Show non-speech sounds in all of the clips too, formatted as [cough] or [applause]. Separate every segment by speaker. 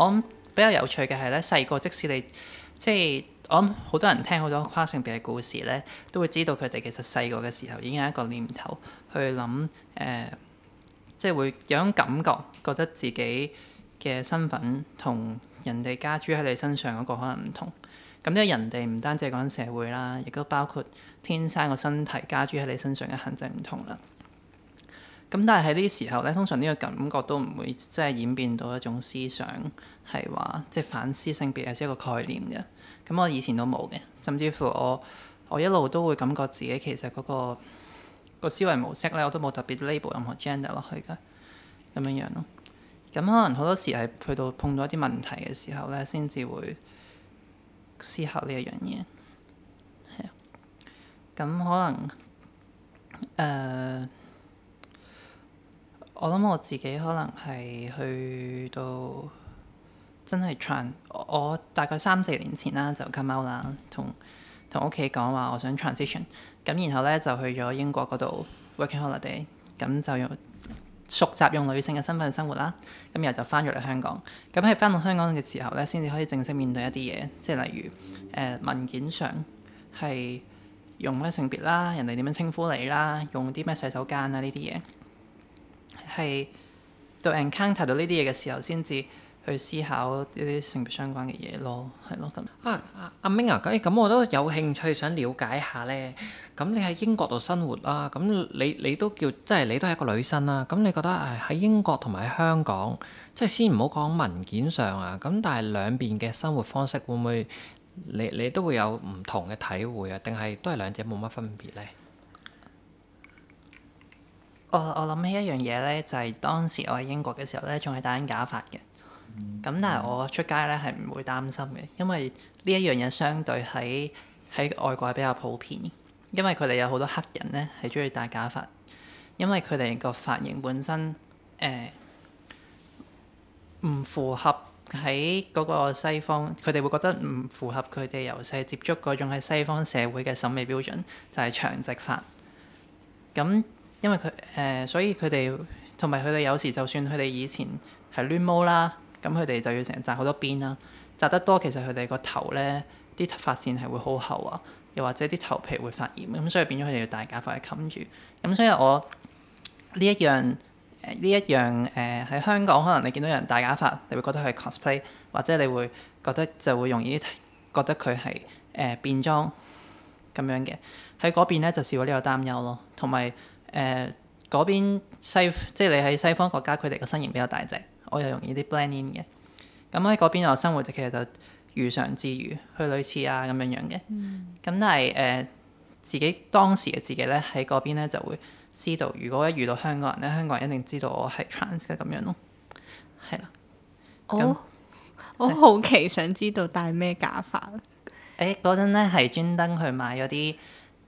Speaker 1: 我諗比較有趣嘅係咧，細個即使你即係我諗好多人聽好多跨性別嘅故事咧，都會知道佢哋其實細個嘅時候已經有一個念頭去諗誒、呃，即係會有種感覺，覺得自己嘅身份同人哋加諸喺你身上嗰個可能唔同。咁因為人哋唔單止講社會啦，亦都包括天生個身體加諸喺你身上嘅痕跡唔同啦。咁但係喺呢啲時候呢，通常呢個感覺都唔會即係演變到一種思想，係話即係反思性別係一個概念嘅。咁我以前都冇嘅，甚至乎我我一路都會感覺自己其實嗰個個思維模式呢，我都冇特別 label 任何 gender 落去嘅，咁樣樣咯。咁可能好多時係去到碰到一啲問題嘅時候呢，先至會思考呢一樣嘢。係啊，咁可能誒。呃我諗我自己可能係去到真係 trans，我大概三四年前啦就 come out 啦，同同屋企講話我想 transition，咁然後咧就去咗英國嗰度 working holiday，咁就用熟習用女性嘅身份生活啦，咁然後就翻咗嚟香港，咁喺翻到香港嘅時候咧，先至可以正式面對一啲嘢，即係例如誒、呃、文件上係用咩性別啦，人哋點樣稱呼你啦，用啲咩洗手間啊呢啲嘢。係到 encounter 到呢啲嘢嘅時候，先至去思考呢啲性別相關嘅嘢咯，係咯咁、
Speaker 2: 啊。啊啊阿明啊，咁咁我都有興趣想了解下咧。咁你喺英國度生活啊，咁你你都叫即係你都係一個女生啦、啊。咁你覺得誒喺英國同埋喺香港，即係先唔好講文件上啊，咁但係兩邊嘅生活方式會唔會你你都會有唔同嘅體會啊？定係都係兩者冇乜分別咧？我我諗起一樣嘢咧，就係當時我喺
Speaker 1: 英國嘅時候咧，仲係戴緊假髮嘅。咁，嗯，但係我出街咧係唔會擔心嘅，因為呢一樣嘢相對喺喺外國係比較普遍，因為佢哋有好多黑人咧係中意戴假髮，因為佢哋個髮型本身誒唔符合喺嗰個西方，佢哋會覺得唔符合佢哋由細接觸嗰種喺西方社會嘅審美標準，就係長直髮咁。因為佢誒、呃，所以佢哋同埋佢哋有時，就算佢哋以前係攣毛啦，咁佢哋就要成日紮好多辮啦。紮得多，其實佢哋個頭咧啲髮線係會好厚啊，又或者啲頭皮會發炎咁，所以變咗佢哋要戴假髮去冚住。咁所以我呢一樣呢、呃、一樣誒喺、呃、香港，可能你見到人戴假髮，你會覺得佢係 cosplay，或者你會覺得就會容易啲覺得佢係誒變裝咁樣嘅，喺嗰邊咧，就少咗呢個擔憂咯，同埋。誒嗰、呃、邊西即係你喺西方國家，佢哋個身形比較大隻，我又容易啲 blend in 嘅。咁喺嗰邊我生活，就其實就如常之餘去女廁啊咁樣樣嘅。但係誒自己當時嘅自己咧，喺嗰邊咧就會知道，如果一遇到香港人咧，香港人一定知道我係 trans 嘅咁樣咯。係啦。我、oh,
Speaker 2: 的我好奇想知道戴咩
Speaker 1: 假髮？誒嗰陣咧係專登去買咗啲。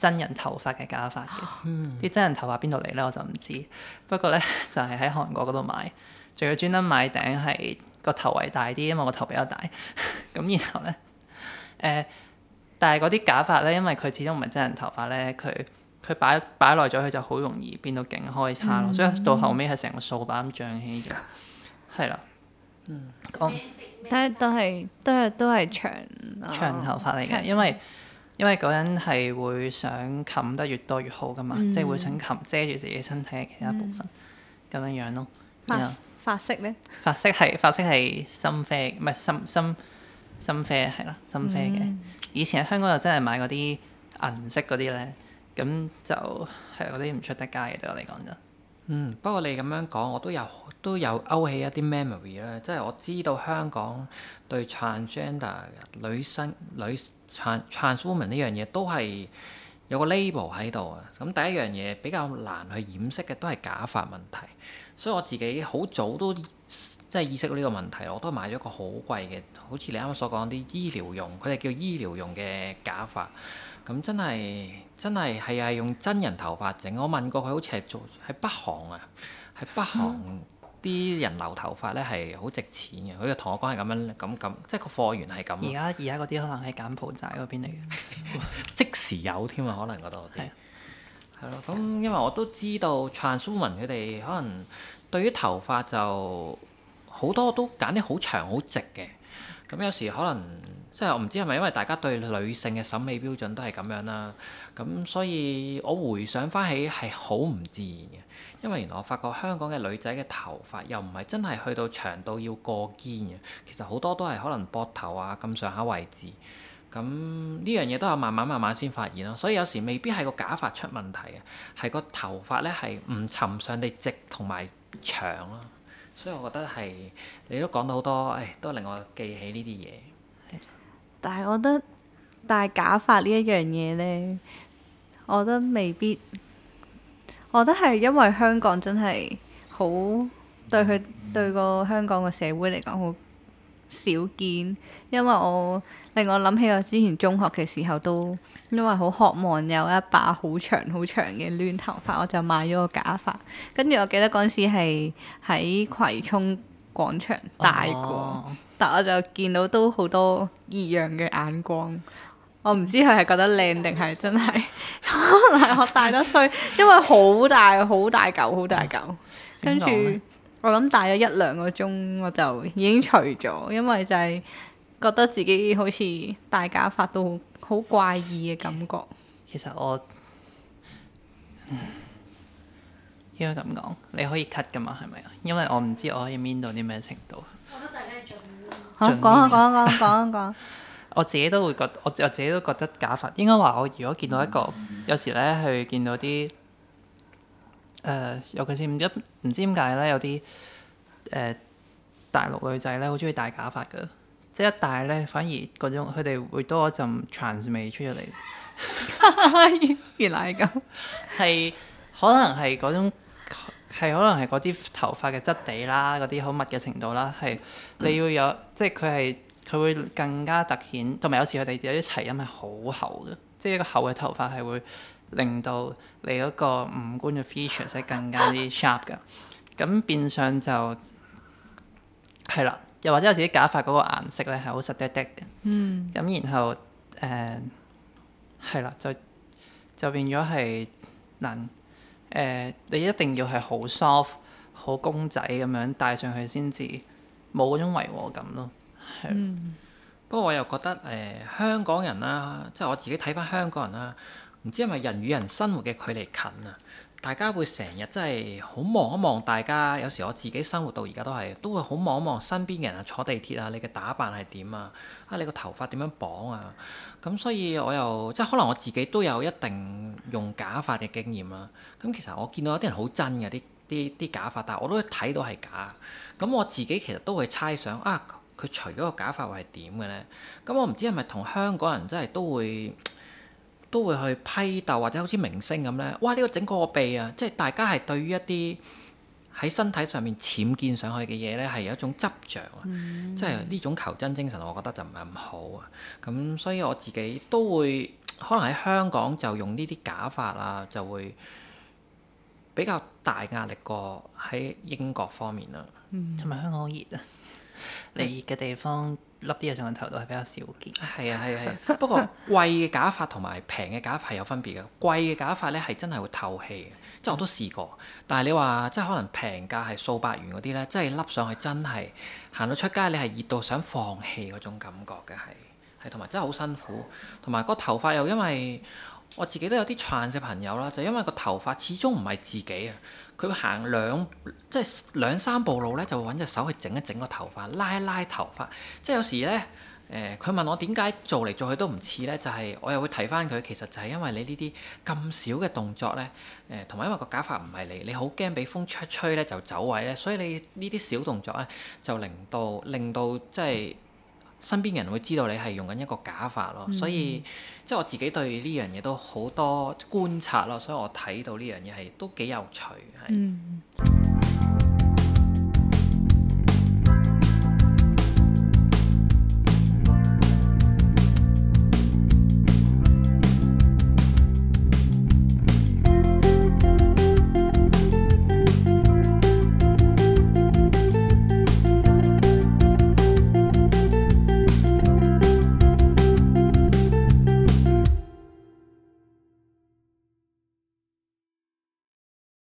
Speaker 1: 真人頭髮嘅假髮嘅，啲、嗯、真人頭髮邊度嚟呢？我就唔知，不過呢，就係、是、喺韓國嗰度買，仲要專登買頂係個頭圍大啲，因為我頭比較大，咁 [laughs] 然後呢，呃、但係嗰啲假髮呢，因為佢始終唔係真人頭髮呢，佢佢擺擺耐咗，佢就好容易變到勁開叉咯，嗯、所以到後尾係成個掃把咁漲起咗。係、嗯、啦，嗯，
Speaker 2: 但係都係都係都係長、
Speaker 1: 哦、長頭髮嚟嘅，因為。因為嗰陣係會想冚得越多越好噶嘛，嗯、即係會想冚遮住自己身體嘅其他部分咁樣、嗯、樣咯。髮色咧？髮色係髮色係深啡，唔係深深深啡係啦，深啡嘅。啡嗯、以前喺香港就真係買嗰啲銀色嗰啲咧，咁
Speaker 2: 就係嗰啲唔出得街嘅對我嚟講就。嗯，不過你咁樣講，我都有都有勾起一啲 memory 啦，即係我知道香港對 transgender 女生女生。女生女生 Trans woman 呢樣嘢都係有個 label 喺度啊。咁第一樣嘢比較難去掩飾嘅都係假髮問題，所以我自己好早都即係意識到呢個問題，我都買咗個好貴嘅，好似你啱啱所講啲醫療用，佢哋叫醫療用嘅假髮。咁真係真係係係用真人頭髮整。我問過佢，好似係做喺北韓啊，喺北韓、嗯。啲人留頭髮咧係好值錢嘅，佢個同學講係咁樣咁咁，即係個貨源係咁。而家而家嗰啲可能係柬埔寨嗰邊嚟嘅， [laughs] 即時有添啊！可能嗰度啲係咯，咁的因為我都知道 transwoman 佢哋可能對於頭髮就好多都揀啲好長好直嘅。咁、嗯、有時可能即係我唔知係咪因為大家對女性嘅審美標準都係咁樣啦，咁、嗯、所以我回想翻起係好唔自然嘅，因為原來我發覺香港嘅女仔嘅頭髮又唔係真係去到長到要過肩嘅，其實好多都係可能膊頭啊咁上下位置，咁、嗯、呢樣嘢都有慢慢慢慢先發現咯，所以有時未必係個假髮出問題啊，係個頭髮咧係唔尋常地直同埋長咯。所以我覺得係，你都講到好多，誒，都令我記起呢啲嘢。但係我覺得戴假髮呢一樣嘢呢，我覺得未必，我覺得係因為香港真係好對佢、嗯、對個香港嘅社會嚟講好少見，因為我令我諗起我之前中學嘅時候都，因為好渴望有一把好長好長嘅攣頭髮，我就買咗個假髮。跟住我記得嗰陣時係喺葵涌廣場戴過，哦、但我就見到都好多異樣嘅眼光。我唔知佢係覺得靚定係真係，嘯 [laughs] 可能我戴得衰， [laughs] 因為好大好大嚿好大嚿，嗯、跟住。我諗大約一兩個鐘，我就已經除咗，因為就係覺得自己好似戴假髮都好怪異嘅感覺。其實我，嗯、應該咁講，
Speaker 1: 你可以 cut 噶嘛，係咪啊？因為我唔知我可以 mean 到啲咩程度。我覺得大家做，講啊講啊講講了啊講。啊啊啊 [laughs] 我自己都會覺得，我自我自己都覺得假髮應該話，我如果見到一個，嗯、有時咧去見到啲。誒、呃，尤其是唔知唔知點解咧，有啲誒、呃、大陸女仔咧，好中意戴假髮噶，即係一戴咧，反而嗰種佢哋會多一陣 trans 味出咗嚟。 [laughs] [laughs] 原來係咁，係 [laughs] 可能係嗰種，係可能係嗰啲頭髮嘅質地啦，嗰啲好密嘅程度啦，係你要有，嗯、即係佢係佢會更加突顯，同埋有，有時佢哋有啲齊音係好厚嘅，即係一個厚嘅頭髮係會。令到你嗰個五官嘅 feature 係更加啲 sharp 嘅，咁變相就係啦，又或者有自己假髮嗰個顏色咧係好實滴滴嘅，嗯，咁然後誒係啦，就就變咗係能誒，你一定要係好 soft、好公仔咁樣戴上去先至冇嗰種違和感咯，係。嗯、
Speaker 2: 不過我又覺得誒、呃、香港人啦、啊，即係我自己睇翻香港人啦、啊。唔知係咪人與人生活嘅距離近啊，大家會成日真係好望一望大家。有時我自己生活到而家都係，都會好望一望身邊嘅人啊，坐地鐵啊，你嘅打扮係點啊？啊，你個頭髮點樣綁啊？咁所以我又即係可能我自己都有一定用假髮嘅經驗啦，啊。咁其實我見到有啲人好真嘅，啲啲啲假髮，但係我都睇到係假。咁我自己其實都會猜想啊，佢除咗個假髮會係點嘅咧？咁我唔知係咪同香港人真係都會。都會去批鬥或者好似明星咁呢。哇！呢、這個整過個，個鼻啊，即係大家係對於一啲喺身體上面僭建上去嘅嘢呢，係有一種執着啊，嗯、即係呢種求真精神，我覺得就唔係咁好啊。咁所以我自己都會可能喺香港就用呢啲假髮啊，就會比較大壓力過喺英國方面啦。
Speaker 1: 同埋、嗯、香港好熱啊？嚟熱
Speaker 2: 嘅地方。笠啲嘢上頭都係比較少見。係啊係啊係。啊 [laughs] 不過貴嘅假髮同埋平嘅假髮係有分別嘅。貴嘅假髮咧，係真係會透氣，嗯、即係我都試過。但係你話即係可能平價係數百元嗰啲咧，即係笠上去真係行到出街，你係熱到想放氣嗰種感覺嘅，係係，同埋真係好辛苦，同埋、嗯、個頭髮又因為。我自己都有啲串嘅朋友啦，就是、因為個頭髮始終唔係自己啊，佢行兩即係兩三步路咧，就揾隻手去整一整個頭髮，拉一拉頭髮。即係有時咧，誒、呃、佢問我點解做嚟做去都唔似咧，就係、是、我又會提翻佢，其實就係因為你呢啲咁少嘅動作咧，誒同埋因為個假髮唔係你，你好驚俾風吹吹咧就走位咧，所以你呢啲小動作咧就令到令到，令到即係。身邊人會知道你係用緊一個假髮咯，嗯、所以即係我自己對呢樣嘢都好多觀察咯，所以我睇到呢樣嘢係都幾有趣，係。嗯